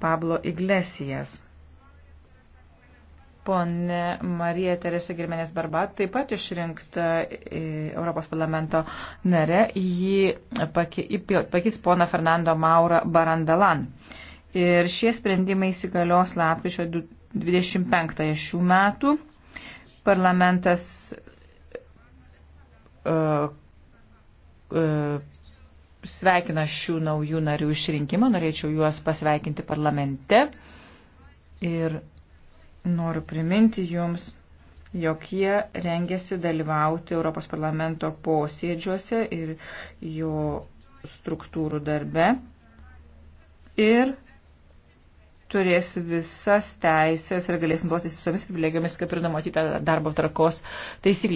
Pablo Iglesijas. Pone Marija Teresa Girmenės Barbat taip pat išrinkta e, Europos parlamento nare, jį pakis pona Fernando Maura Barandalan. Ir šie sprendimai įsigalios lapkričio 25 šių metų. Parlamentas uh, uh, sveikina šių naujų narių išrinkimą, norėčiau juos pasveikinti parlamente ir noriu priminti jums, jog jie rengiasi dalyvauti Europos parlamento posėdžiuose ir jo struktūrų darbe ir turės visas teisės ir galės naudotis visomis privilegijomis, kaip ir numatyta darbo tvarkos taisyklė.